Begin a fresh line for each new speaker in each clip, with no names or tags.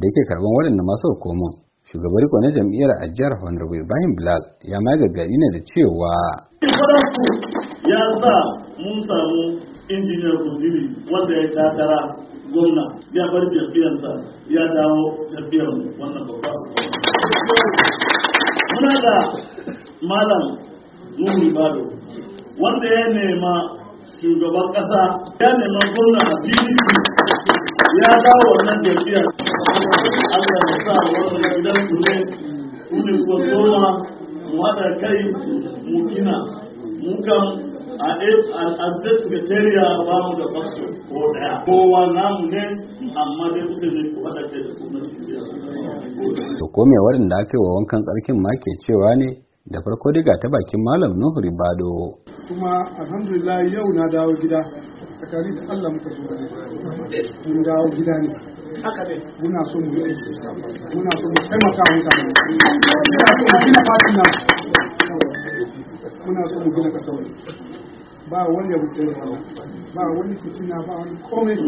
da yake karban waɗanda masu hukumin shugaban riko na jam'iyyar ajiyar honorable ibrahim bilal ya ma gari ne da cewa
ya sa mun samu
injiniyar kudiri wanda ya takara gwamna ya bar jam'iyyarsa ya dawo jam'iyyar wannan babba muna da malam nuhu bado wanda ya nema shugaban ƙasa ya nema gwamna a ya dawo wannan tafiyar Allah ya sa wannan gidan su ne kuma ko zoma mu haɗa kai mu gina mu kan a al'adar secretariya ba mu da fasto ko daya kowa namu ne amma dai kusa ne ku haɗa kai da kuma
to ko me waɗanda aka yi wa wankan tsarkin ma ke cewa ne da farko daga ta bakin malam nuhu ribado
kuma alhamdulillah yau na dawo gida tsakani da Allah muka zo mun dawo gida ne muna so mu yi aiki muna so mu taimaka muna so mu gina fatin nan muna so mu gina ba wanda ya ba wani fitina ba wani komai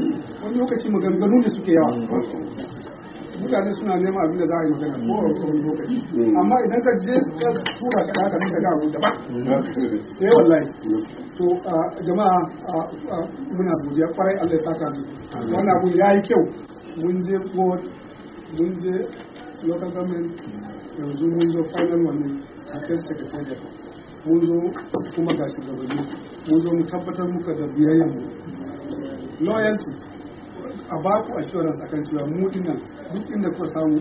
wani lokaci maganganu ne suke yawa mutane suna neman abin da za a yi magana ko a wani lokaci hmm. amma idan ka je ka tura ka haka ka ga abin da ba hmm. eh wallahi to jama'a muna godiya kwarai Allah ya saka mu wannan abu yi kyau mun je board mun je local government yanzu mun zo final wannan a kan secretary mun zo kuma ga shugabanni mun zo mu tabbatar muka da biyayyar mu loyalty a ba ku assurance sakan cewa mu dinnan duk inda ku samu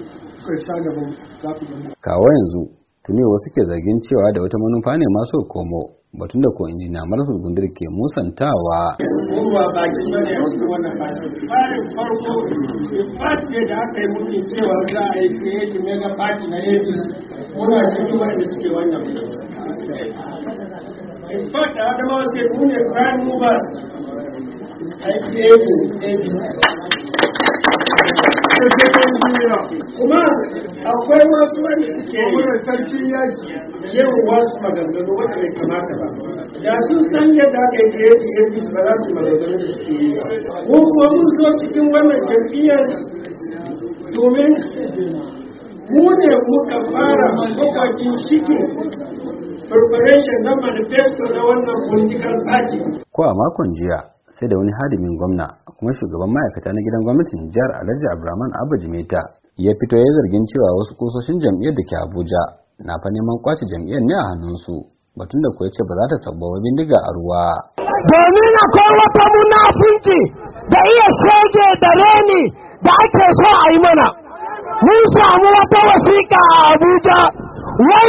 kai sha gaba za ku
kawo yanzu tuni wasu ke zargin cewa da wata manufa ne masu komo batun da ko injiniya marasu gundur ke musantawa.
na cikin wanda suke kuma akwai wasu wani suke wurin sarkin yaki yau wasu maganganu wanda bai kamata ba da sun san yadda aka yi creating airbus ba za su maganganu da suke yi ba ko kuma mun zo cikin wannan jam'iyyar domin mu ne muka fara bakwakin shikin
preparation na manifesto na wannan political party
ko a makon jiya sai da wani hadimin gwamna kuma shugaban ma'aikata na gidan gwamnatin jihar alhaji abdulrahman abba meta ya fito ya zargin cewa wasu kusoshin jam'iyyar da ke abuja na fa neman kwace jam'iyyar ne a hannunsu batun da kuwa ce ba za ta ba bindiga a ruwa
domin akwai wata munafunci da iya shege da reni da ake so a yi mana mun samu wata wasiƙa a abuja wai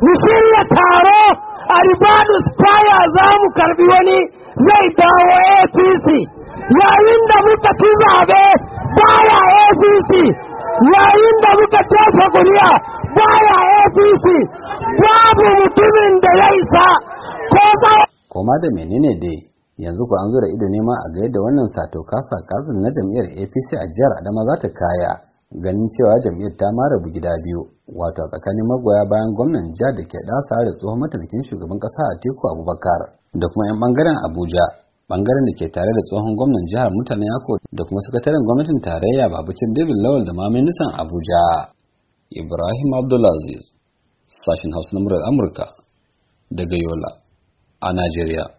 mu shirya taro a ribadus spaya za mu karbi wani zai dawo yayin da muka ci zaɓe baya APC yayin da muka tafa kuriya baya APC babu mutumin da ya isa ko
koma da menene dai yanzu ku an zura ido ne ma a ga yadda wannan sato kasa kasin na jam'iyyar APC a jihar Adama za ta kaya ganin cewa jam'iyyar ta mara bu gida biyu wato a tsakanin magoya bayan gwamnan jihar da ke dasa da tsohon mataimakin shugaban kasa Atiku Abubakar da kuma 'yan bangaren Abuja bangaren da ke tare da tsohon gwamnan jihar mutane yako da kuma sakataren gwamnatin tarayya babucin david lawal da ma ministan abuja ibrahim abdulaziz sashen hausa na murar amurka daga yola a najeriya